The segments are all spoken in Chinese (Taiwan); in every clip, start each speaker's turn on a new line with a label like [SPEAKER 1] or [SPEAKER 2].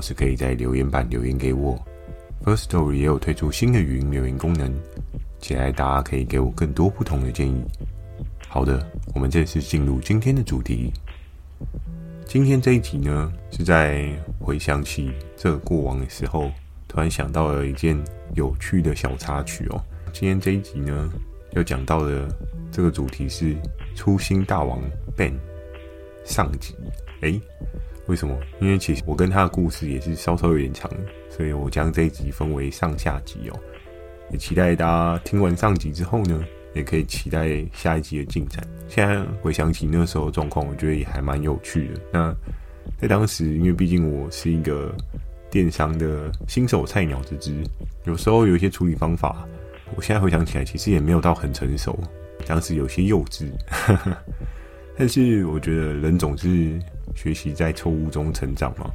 [SPEAKER 1] 是可以在留言板留言給我。First Story 也有推出新的語音留言功能，期待大家可以給我更多不同的建議。好的，我們正式進入今天的主題。今天這一集呢，是在回想起這個過往的時候，突然想到了一件有趣的小插曲哦。今天這一集呢，要講到的這個主題是《粗心大王 Ben》上集。誒為什麼？因為其實我跟他的故事也是稍稍有點長，所以我將這一集分為上下集哦。也期待大家聽完上集之後呢，也可以期待下一集的進展。現在回想起那時候的狀況，我覺得也還蠻有趣的。那在當時，因為畢竟我是一個電商的新手菜鳥之之，有時候有一些處理方法，我現在回想起來，其實也沒有到很成熟，當時有些幼稚。哈哈，但是我覺得人總是。學習在錯誤中成長嘛？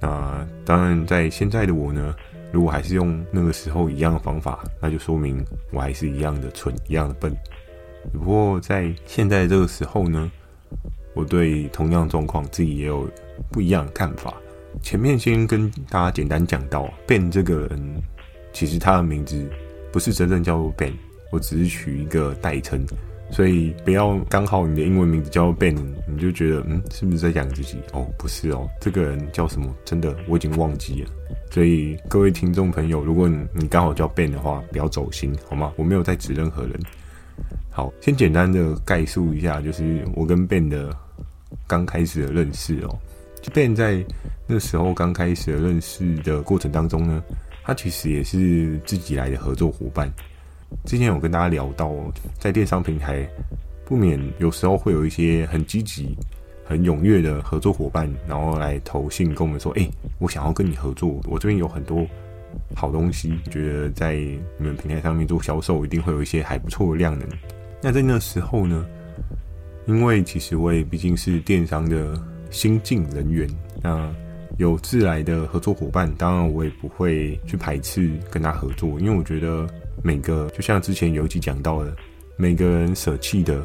[SPEAKER 1] 那當然，在現在的我呢，如果還是用那個時候一樣的方法，那就說明我還是一樣的蠢，一樣的笨。不過在現在的這個時候呢，我對同樣的狀況自己也有不一樣的看法。前面先跟大家簡單講到，Ben 這個人其實他的名字不是真正叫做 Ben，我只是取一個代稱。所以不要剛好你的英文名字叫 Ben，你就覺得嗯，是不是在講自己哦？不是哦，這個人叫什麼？真的我已經忘記了。所以各位聽眾朋友，如果你，你剛好叫 Ben 的話，不要走心好嗎？我沒有在指任何人。好，先簡單的概述一下，就是我跟 Ben 的剛開始的認識哦。就 Ben 在那時候剛開始的認識的過程當中呢，他其實也是自己來的合作夥伴。之前有跟大家聊到，在電商平台不免有時候會有一些很積極、很踴躍的合作夥伴，然後來投信跟我們說：“哎、欸，我想要跟你合作，我這邊有很多好東西，覺得在你們平台上面做銷售一定會有一些還不錯的量能。”那在那時候呢，因為其實我也畢竟是電商的新進人員，那有自來的合作夥伴，當然我也不會去排斥跟他合作，因為我覺得。每個就像之前有一集講到的，每個人舍棄的，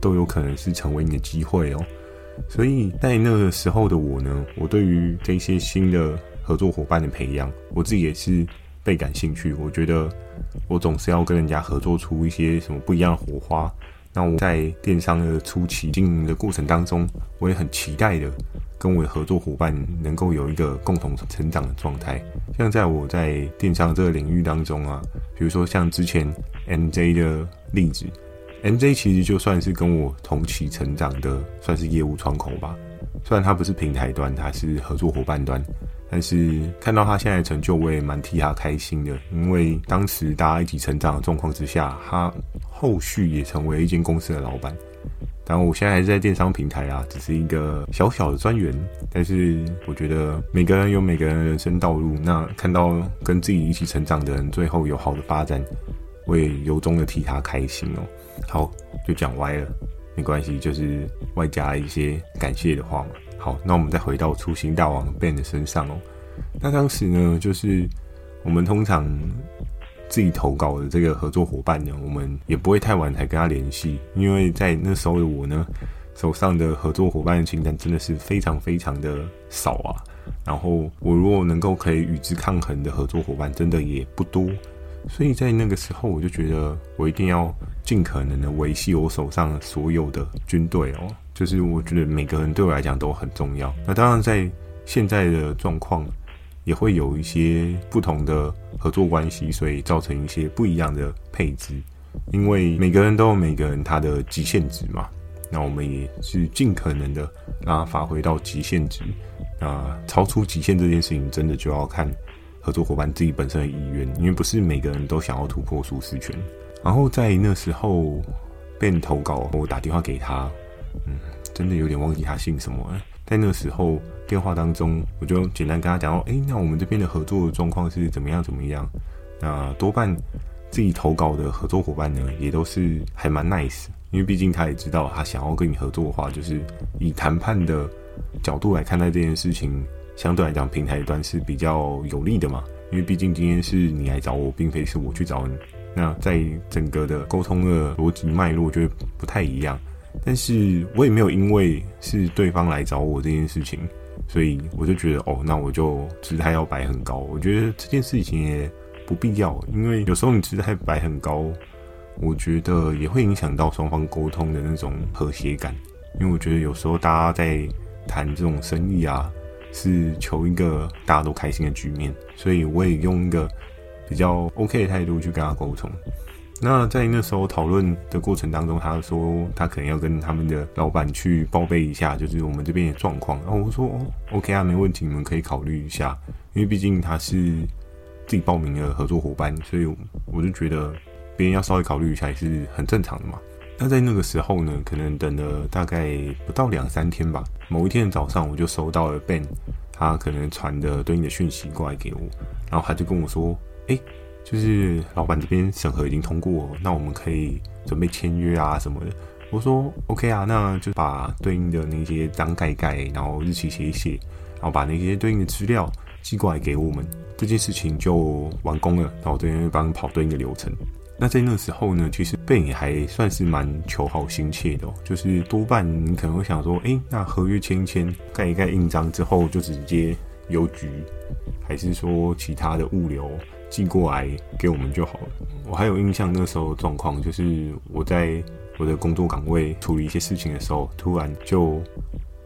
[SPEAKER 1] 都有可能是成為你的機會哦。所以在那個時候的我呢，我對於這些新的合作夥伴的培養，我自己也是倍感興趣。我覺得我總是要跟人家合作出一些什麼不一樣的火花。那我在電商的初期經營的過程當中，我也很期待的。跟我的合作夥伴能夠有一個共同成長的狀態，像在我在電商這個領域當中啊，比如說像之前 M J 的例子，M J 其實就算是跟我同期成長的，算是業務窗口吧。雖然他不是平台端，他是合作夥伴端，但是看到他現在的成就，我也蠻替他開心的。因為當時大家一起成長的狀況之下，他後續也成為一間公司的老闆。當然我現在還是在電商平台啊，只是一個小小的專員。但是我覺得每個人有每個人的人生道路，那看到跟自己一起成長的人最後有好的發展，我也由衷的替他開心哦。好，就講歪了，沒關係，就是外加一些感謝的話嘛。好，那我們再回到粗心大王 Ben 的身上哦。那當時呢，就是我們通常。自己投稿的這個合作夥伴呢，我們也不會太晚才跟他聯繫，因為在那時候的我呢，手上的合作夥伴的清單真的是非常非常的少啊。然後我如果能夠可以與之抗衡的合作夥伴，真的也不多，所以在那個時候我就覺得我一定要盡可能的維繫我手上所有的軍隊哦，就是我覺得每個人對我來講都很重要。那當然在現在的狀況。也會有一些不同的合作關係，所以造成一些不一樣的配置。因為每個人都有每個人他的極限值嘛，那我們也是盡可能的讓他發揮到極限值。啊、呃，超出極限這件事情真的就要看合作夥伴自己本身的意願，因為不是每個人都想要突破舒適圈。然後在那時候被投稿，我打電話給他，嗯，真的有點忘記他姓什麼了，在那時候。電話當中，我就簡單跟他講說：誒，那我們這邊的合作的狀況是怎麼樣？怎麼樣？那多半自己投稿的合作夥伴呢，也都是還蠻 nice，因為畢竟他也知道，他想要跟你合作的話，就是以談判的角度來看待這件事情，相對來講平台端是比較有利的嘛。因為畢竟今天是你來找我，並非是我去找你。那在整個的溝通的邏輯脈絡，我覺得不太一樣。但是我也沒有因為是對方來找我這件事情。所以我就覺得，哦，那我就姿態要擺很高。我覺得這件事情也不必要，因為有時候你姿態擺很高，我覺得也會影響到雙方溝通的那種和諧感。因為我覺得有時候大家在談這種生意啊，是求一個大家都開心的局面。所以我也用一個比較 OK 的態度去跟他溝通。那在那時候討論的過程當中，他說他可能要跟他們的老闆去報備一下，就是我們這邊的狀況。然後我說，哦，OK 啊，沒問題，你們可以考慮一下，因為畢竟他是自己報名的合作夥伴，所以我就覺得別人要稍微考慮一下也是很正常的嘛。那在那個時候呢，可能等了大概不到兩三天吧，某一天的早上我就收到了 Ben 他可能傳的對應的訊息過來給我，然後他就跟我說：“誒”。就是老闆這邊審核已經通過，那我們可以準備簽約啊什麼的。我說 OK 啊，那就把對應的那些章蓋一蓋，然後日期寫一寫，然後把那些對應的資料寄過來給我們，這件事情就完工了。然後我這邊會幫你跑對應的流程。那在那個時候呢，其實 Ben 還算是蠻求好心切的、哦，就是多半你可能會想說，誒、欸，那合約簽一簽，蓋一蓋印章之後，就直接郵局，還是說其他的物流？寄過來給我們就好了。我還有印象，那時候狀況就是我在我的工作崗位處理一些事情的時候，突然就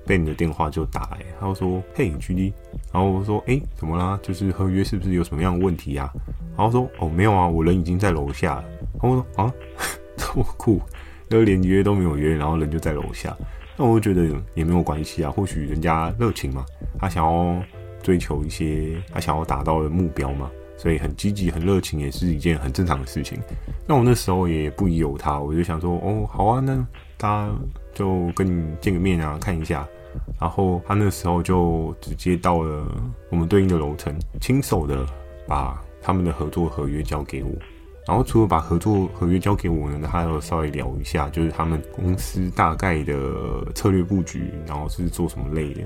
[SPEAKER 1] 被你的電話就打來，他說：“嘿，居力 GD。”然後我說：“誒、欸，怎麼啦？就是合約是不是有什麼樣的問題呀、啊？”然後說：“哦、oh，沒有啊，我人已經在樓下。”了。他我說：“啊， 這麼酷，然後連約都沒有約，然後人就在樓下。”那我就覺得也沒有關係啊，或許人家熱情嘛，他想要追求一些，他想要達到的目標嘛。所以很積極、很熱情也是一件很正常的事情。那我那時候也不疑有他，我就想說，哦，好啊，那大家就跟你見個面啊，看一下。然後他那時候就直接到了我們對應的樓層，親手的把他們的合作合約交給我。然後除了把合作合約交給我呢，他還有稍微聊一下，就是他們公司大概的策略布局，然後是做什麼類的。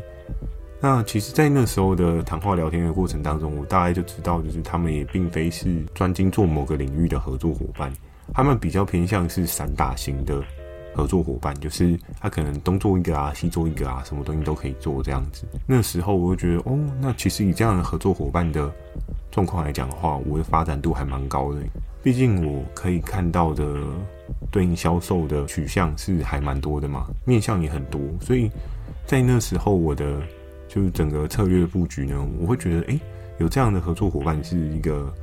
[SPEAKER 1] 那其實，在那時候的談話聊天的過程當中，我大概就知道，就是他們也並非是專精做某個領域的合作夥伴，他們比較偏向是散打型的合作夥伴，就是他可能東做一個啊，西做一個啊，什麼東西都可以做這樣子。那時候我就覺得，哦，那其實以這樣的合作夥伴的狀況來講的話，我的發展度還蠻高的，畢竟我可以看到的對應銷售的取向是還蠻多的嘛，面向也很多，所以在那時候我的。就是整個策略布局呢，我會覺得，誒，有這樣的合作夥伴是一個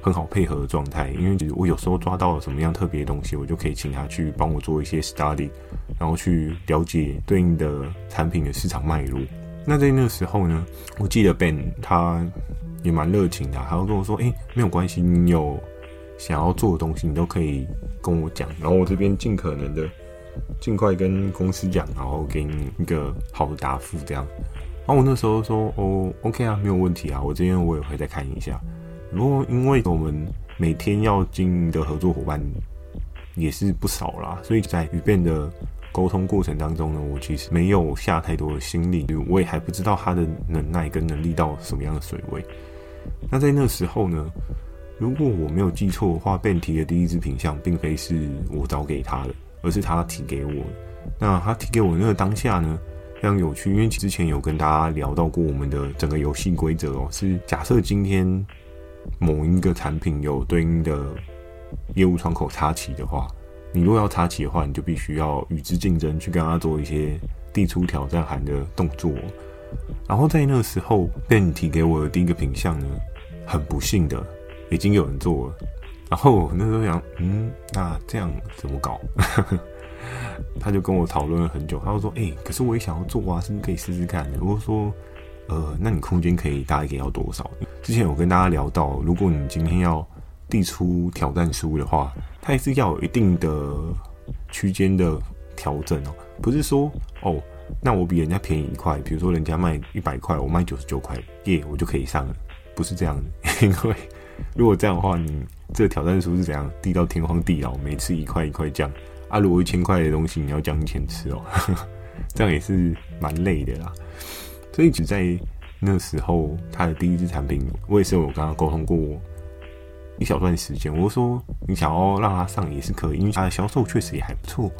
[SPEAKER 1] 很好配合的狀態，因為我有時候抓到了什麼樣特別的東西，我就可以請他去幫我做一些 study，然後去了解對應的產品的市場脈絡。那在那個時候呢，我記得 Ben 他也蠻熱情的，還要跟我說，誒，沒有關係，你有想要做的東西，你都可以跟我講，然後我這邊盡可能的盡快跟公司講，然後給你一個好的答覆，這樣。那、啊、我那時候說哦，OK 啊，沒有問題啊。我這邊我也會再看一下。如果因為我們每天要經營的合作夥伴也是不少啦，所以在與 Ben 的溝通過程當中呢，我其實沒有下太多的心力，我也還不知道他的能耐跟能力到什麼樣的水位。那在那時候呢，如果我沒有記錯的話，Ben 提的第一支品項並非是我找給他的，而是他提給我的。那他提給我的那個當下呢，非常有趣，因為之前有跟大家聊到過我們的整個遊戲規則哦，是假設今天某一個產品有對應的業務窗口插旗的話，你若要插旗的話，你就必須要與之競爭，去跟他做一些遞出挑戰函的動作。然後在那個時候 Ben 提給我的第一個品項呢，很不幸的已經有人做了。然後那時候想，嗯，那這樣怎麼搞？ 他就跟我討論了很久，他就說：“誒、欸，可是我也想要做啊，是不是可以試試看呢？”如果說：“呃，那你空間可以大概可以要多少？”之前我跟大家聊到，如果你今天要遞出挑戰書的話，它還是要有一定的區間的調整哦、喔，不是說哦，那我比人家便宜一塊，比如說人家賣一百塊，我賣九十九塊，耶、yeah,，我就可以上了，不是這樣的，因為如果這樣的話，你這個挑戰書是怎樣遞到天荒地老，每次一塊一塊降？啊！如果一千塊的東西你要將錢吃哦， 這樣也是蠻累的啦。所以只在那時候，他的第一支產品，我也是有跟他溝通過一小段時間。我說你想要讓他上也是可以，因為他的銷售確實也還不錯。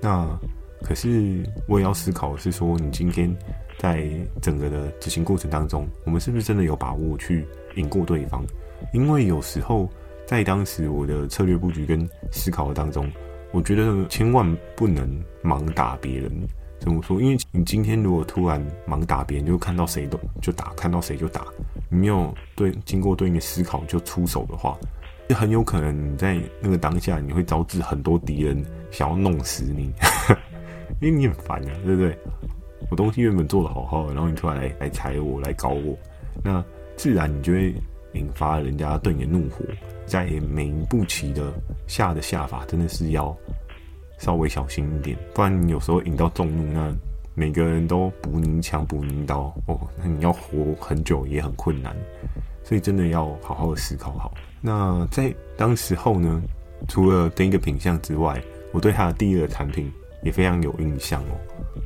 [SPEAKER 1] 那可是我也要思考的是說，你今天在整個的執行過程當中，我們是不是真的有把握去贏過對方？因為有時候在當時我的策略布局跟思考的當中。我覺得千萬不能盲打別人，怎麼說？因為你今天如果突然盲打別人，就看到誰都就打，看到誰就打，你沒有對經過對應的思考就出手的話，就很有可能你在那個當下你會招致很多敵人想要弄死你，呵呵，因為你很煩啊，對不對？我東西原本做得好好的，然後你突然來來踩我來搞我，那自然你就會……引發人家對你的也怒火，在每一步棋的下的下法，真的是要稍微小心一點，不然你有時候引到眾怒，那每個人都補你槍，補你刀哦，那你要活很久也很困難，所以真的要好好的思考好。那在當時候呢，除了第一個品項之外，我對他的第二個產品也非常有印象哦。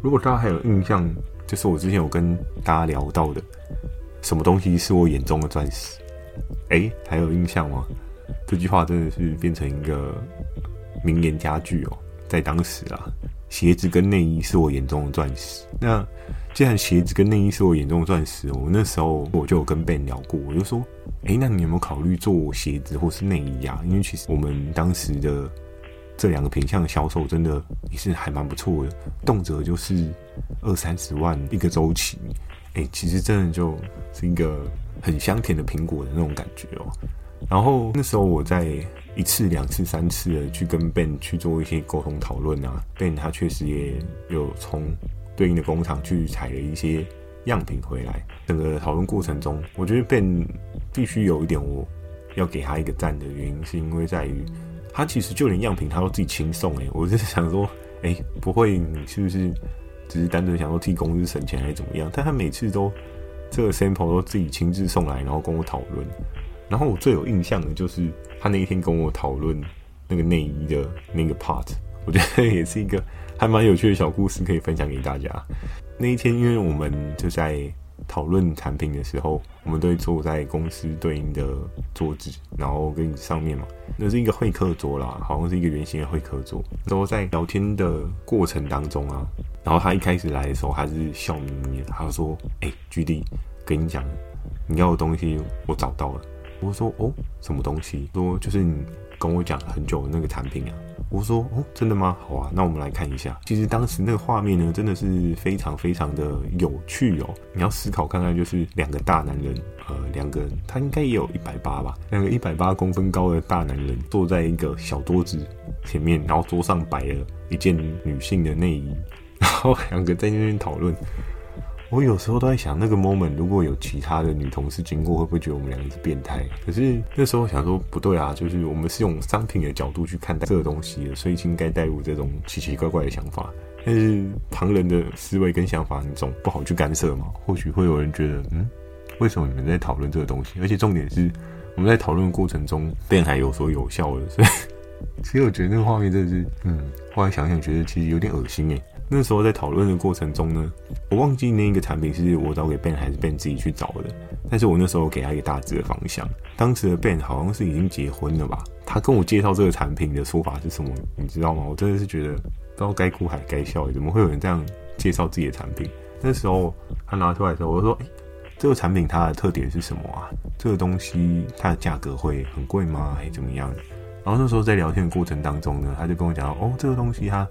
[SPEAKER 1] 如果大家還有印象，就是我之前有跟大家聊到的，什麼東西是我眼中的鑽石？哎、欸，還有印象嗎？這句話真的是變成一個名言佳句哦。在當時啊，鞋子跟內衣是我眼中的鑽石。那既然鞋子跟內衣是我眼中的鑽石，我那時候我就跟 Ben 聊過，我就說，哎、欸，那你有沒有考慮做鞋子或是內衣啊？因為其實我們當時的這兩個品項的銷售真的也是還蠻不錯的，動輒就是二三十萬一個周期。哎、欸，其實真的就是一個。很香甜的蘋果的那種感覺哦、喔，然後那時候我在一次、兩次、三次的去跟 Ben 去做一些溝通討論啊，Ben 他確實也有從對應的工廠去採了一些樣品回來。整個討論過程中，我覺得 Ben 必須有一點我要給他一個讚的原因，是因為在於他其實就連樣品他都自己親送誒，我是想說誒、欸，不會你是不是只是單純想說替公司省錢還是怎麼樣？但他每次都。這個 sample 都自己親自送來，然後跟我討論。然後我最有印象的就是他那一天跟我討論那個內衣的那個 part，我覺得也是一個還蠻有趣的小故事，可以分享給大家。那一天，因為我們就在討論產品的時候。我們都坐在公司對應的桌子，然後跟上面嘛，那是一個會客桌啦，好像是一個圓形的會客桌。然後在聊天的過程當中啊，然後他一開始來的時候還是笑眯眯的，他說：“哎、欸、，GD，跟你講，你要的東西我找到了。”我說：“哦，什麼東西？”就說就是你跟我講很久的那個產品啊。我說，哦，真的嗎？好啊，那我們來看一下。其實當時那個畫面呢，真的是非常非常的有趣哦。你要思考看看，就是兩個大男人，呃，兩個人，他應該也有一百八吧，兩個一百八公分高的大男人坐在一個小桌子前面，然後桌上擺了一件女性的內衣，然後兩個在那邊討論。我有時候都在想，那個 moment 如果有其他的女同事經過，會不會覺得我們兩個是變態？可是那時候想說，不對啊，就是我們是用商品的角度去看待這個東西，所以不應該帶入這種奇奇怪怪的想法。但是旁人的思維跟想法，你總不好去干涉嘛。或許會有人覺得，嗯，為什麼你們在討論這個東西？而且重點是，我們在討論的過程中，變還有有說有笑的。所以，其實我覺得那個畫面真的是，嗯，後來想想覺得其實有點噁心誒。那時候在討論的過程中呢，我忘記那一個產品是我找給 Ben 還是 Ben 自己去找的。但是我那時候給他一個大致的方向。當時的 Ben 好像是已經結婚了吧？他跟我介紹這個產品的說法是什麼？你知道嗎？我真的是覺得不知道該哭還該笑，怎麼會有人這樣介紹自己的產品？那時候他拿出來的時候，我說：“誒、欸，這個產品它的特點是什麼啊？這個東西它的價格會很貴嗎？還是怎麼樣？”然後那時候在聊天的過程當中呢，他就跟我講：“哦，這個東西它……”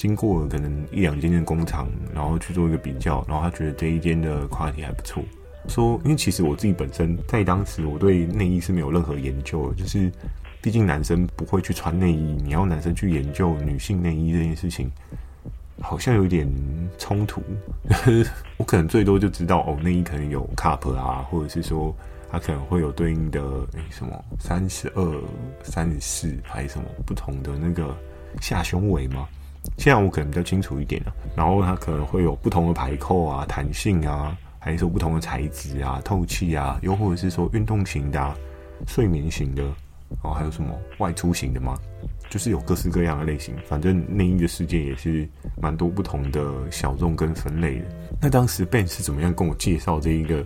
[SPEAKER 1] 經過了可能一兩間的工廠，然後去做一個比較，然後他覺得這一間的 quality 還不錯。說，因為其實我自己本身在當時我對內衣是沒有任何研究的，就是畢竟男生不會去穿內衣，你要男生去研究女性內衣這件事情，好像有點衝突。是我可能最多就知道哦，內衣可能有 cup 啊，或者是說它可能會有對應的、欸、什麼三十二、三十四還是什麼不同的那個下胸圍嘛。現在我可能比較清楚一點了、啊，然後它可能會有不同的排釦啊、彈性啊，還是說不同的材質啊、透氣啊，又或者是說運動型的、啊、睡眠型的，哦，還有什麼外出型的嗎？就是有各式各樣的類型，反正內衣的世界也是蠻多不同的小眾跟分類的。那當時 Ben 是怎麼樣跟我介紹這一個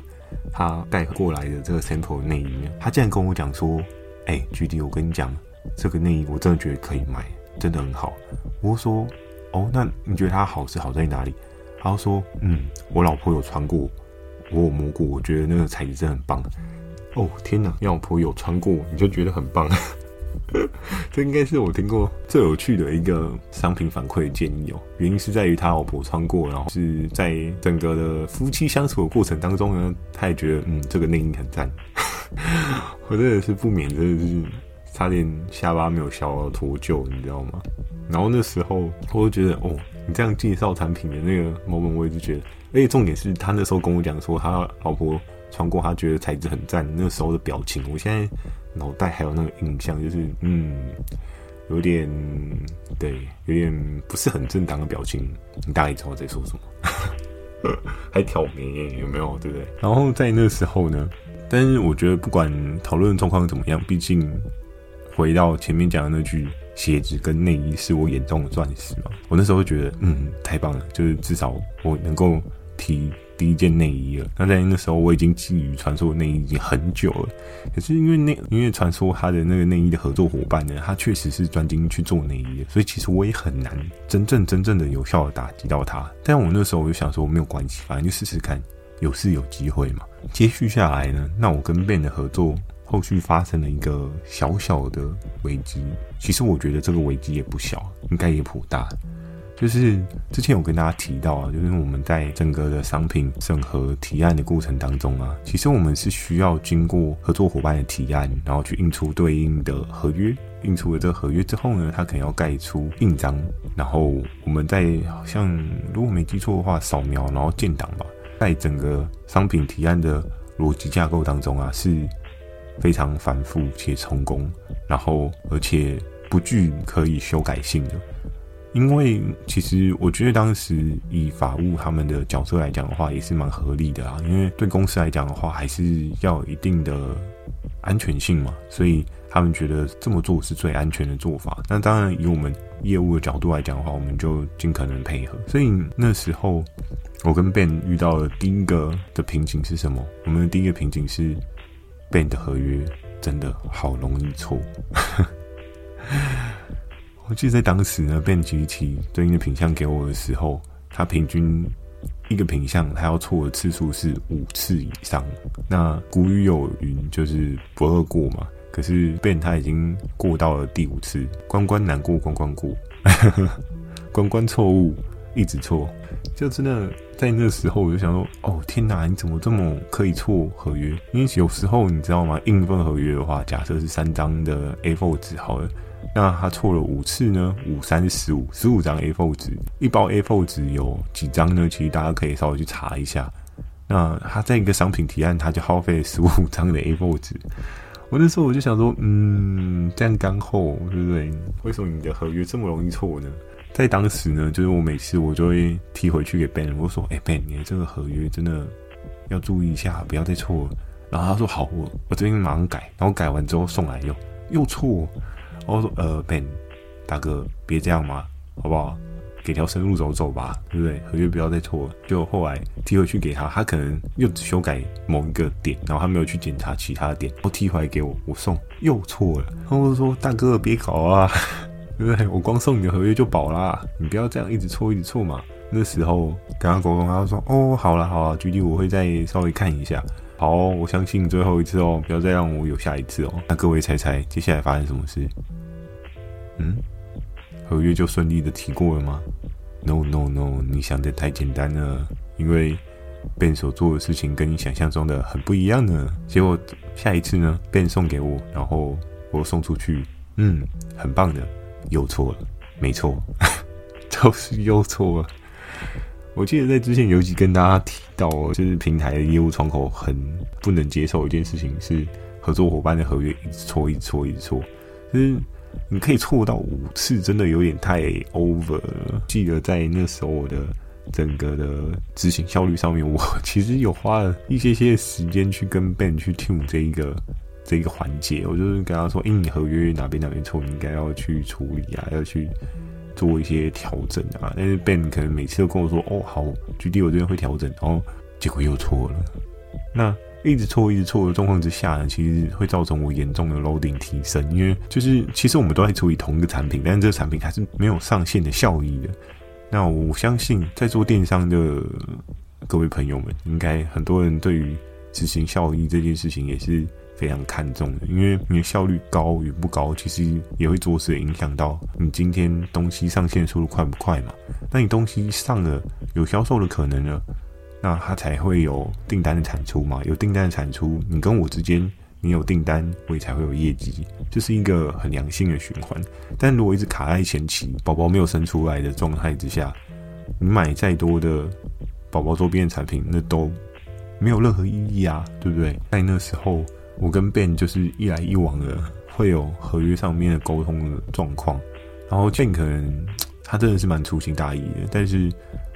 [SPEAKER 1] 他帶過來的這個 sample 內衣呢？他竟然跟我講說：“哎，G D，我跟你講，這個內衣我真的覺得可以買。”真的很好，我說，哦，那你覺得它好是好在哪裡？然後說，嗯，我老婆有穿過，我有摸過，我覺得那個材質真的很棒。哦，天哪，你老婆有穿過你就覺得很棒， 這應該是我聽過最有趣的一個商品反饋建議哦。原因是在於他老婆穿過，然後是在整個的夫妻相處的過程當中呢，他也覺得，嗯，這個內衣很讚。 我真的是不免真的是。差點下巴沒有削脫臼，你知道嗎？然後那時候我就覺得，哦，你這樣介紹產品的那個 moment，我也就覺得，而且重點是他那時候跟我講說，他老婆穿過，他覺得材質很讚。那時候的表情，我現在腦袋還有那個印象，就是嗯，有點對，有點不是很正當的表情。你大概知道我在說什麼， 還挑眉，有沒有？對不對？然後在那時候呢，但是我覺得不管討論狀況怎麼樣，畢竟。回到前面講的那句，鞋子跟內衣是我眼中的鑽石嘛？我那時候覺得，嗯，太棒了，就是至少我能夠提第一件內衣了。那在那時候，我已經覬覦傳說的內衣已經很久了。可是因為那，因為傳說他的那個內衣的合作夥伴呢，他確實是專精去做內衣的，所以其實我也很難真正真正的有效的打擊到他。但我那時候我就想說，沒有關係，反正就試試看，有是有機會嘛。接續下來呢，那我跟 Ben 的合作。後續發生了一個小小的危機，其實我覺得這個危機也不小，應該也頗大。就是之前有跟大家提到啊，就是我們在整個的商品審核提案的過程當中啊，其實我們是需要經過合作夥伴的提案，然後去印出對應的合約。印出了這個合約之後呢，他可能要蓋出印章，然後我們在好像如果沒記錯的話，掃描然後建檔吧。在整個商品提案的邏輯架構當中啊，是。非常繁複且成功，然後而且不具可以修改性的，因為其實我覺得當時以法務他們的角色來講的話，也是蠻合理的啊。因為對公司來講的話，還是要有一定的安全性嘛，所以他們覺得這麼做是最安全的做法。那當然，以我們業務的角度來講的話，我們就盡可能配合。所以那時候我跟 Ben 遇到的第一個的瓶頸是什麼？我們的第一個瓶頸是。Ben 的合約真的好容易錯。 我記得在當時呢，Ben 集起對應的品相給我的時候，他平均一個品相他要錯的次數是五次以上。那古語有云就是不二過嘛，可是 Ben 他已經過到了第五次，關關難過關關過， 關關錯誤。一直錯，就真的在那時候我就想說，哦天哪，你怎麼這麼可以錯合約？因為有時候你知道嗎，印一份合約的話，假設是三張的 A four 紙好了，那他錯了五次呢，五三十五，十五張 A four 紙，一包 A four 紙有幾張呢？其實大家可以稍微去查一下。那他在一個商品提案，他就耗費了十五張的 A four 紙。我那時候我就想說，嗯，這樣剛好對不對？為什麼你的合約這麼容易錯呢？在當時呢，就是我每次我就會踢回去給 Ben，我說：“哎，Ben，你這個合約真的要注意一下，不要再錯了。”然後他說：“好，我我這邊馬上改。”然後改完之後送來用又又錯，然後我說：“呃，Ben 大哥別這樣嘛，好不好？給條生路走走吧，對不對？合約不要再錯了。”就後來踢回去給他，他可能又只修改某一個點，然後他沒有去檢查其他點，然後踢回來給我，我送又錯了，然後我說：“大哥別搞啊！”對、欸，我光送你的合約就飽啦、啊，你不要這樣一直錯，一直錯嘛。那時候剛剛溝通，剛剛狗狗他就說：“哦，好了好了，GD 我會再稍微看一下。”好，我相信最後一次哦，不要再讓我有下一次哦。那各位猜猜接下來發生什麼事？嗯，合約就順利的提過了嗎？No No No，你想的太簡單了，因為 Ben 所做的事情跟你想象中的很不一樣呢。結果下一次呢，Ben 送給我，然後我送出去，嗯，很棒的。又錯了，沒錯，就是又錯了。我記得在之前有集跟大家提到，就是平台的業務窗口很不能接受一件事情，是合作夥伴的合約一直錯，一直錯，一直錯，就是你可以錯到五次，真的有點太 over 了。記得在那時候，我的整個的執行效率上面，我其實有花了一些些時間去跟 Ben 去 tune 這一個。這一個環節，我就是跟他說，因為合約哪邊哪邊錯，你應該要去處理啊，要去做一些調整啊。但是 Ben 可能每次都跟我說：“哦，好，GD 我這邊會調整。哦”然後結果又錯了。那一直錯一直錯的狀況之下呢，其實會造成我嚴重的 loading 提升，因為就是其實我們都在處理同一個產品，但是這個產品還是沒有上線的效益的。那我相信，在做電商的各位朋友們，應該很多人對於執行效益這件事情也是。非常看重的，因為你的效率高與不高，其實也會着實影響到你今天東西上線速度快不快嘛？那你東西上了，有銷售的可能了，那它才會有訂單的產出嘛？有訂單的產出，你跟我之間，你有訂單，我也才會有業績，這是一個很良性的循環。但如果一直卡在前期，寶寶沒有生出來的狀態之下，你買再多的寶寶周邊的產品，那都沒有任何意義啊，對不對？在那時候。我跟 Ben 就是一來一往的，會有合約上面的溝通的狀況。然後 Ben 可能他真的是蠻粗心大意的，但是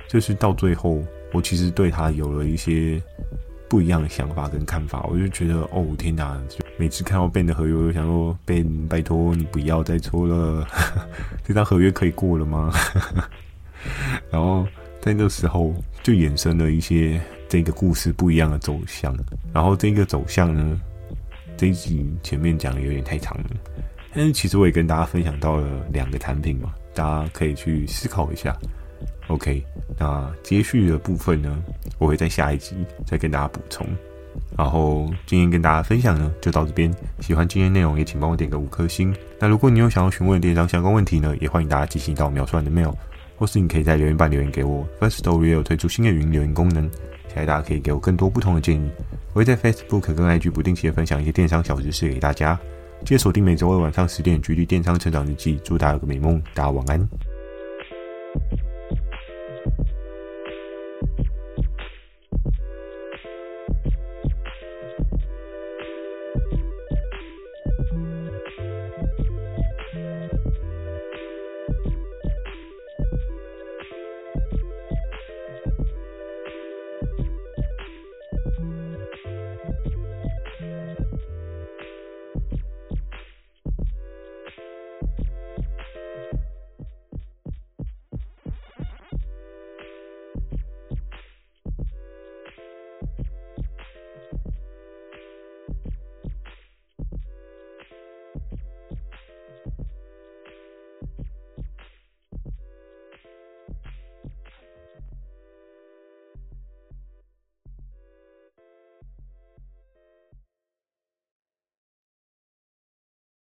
[SPEAKER 1] 就是到最後，我其實對他有了一些不一樣的想法跟看法。我就覺得哦天哪，每次看到 Ben 的合約，我就想說 Ben 拜託你不要再錯了，這 張合約可以過了嗎？ 然後在那個時候就衍生了一些這個故事不一樣的走向。然後這個走向呢？這一集前面講的有點太長了，但是其實我也跟大家分享到了兩個產品嘛，大家可以去思考一下。OK，那接續的部分呢，我會在下一集再跟大家補充。然後今天跟大家分享呢，就到這邊。喜歡今天內容也請幫我點個五顆星。那如果你有想要詢問電商相關問題呢，也歡迎大家寄信到描述欄的 mail，或是你可以在留言板留言給我。Firstory 推出新的雲留言功能。期待大家可以給我更多不同的建議，我會在 Facebook 跟 IG 不定期的分享一些電商小知識給大家。記得鎖定每週二晚上十點《GD 電商成長日記》，祝大家有個美夢，大家晚安。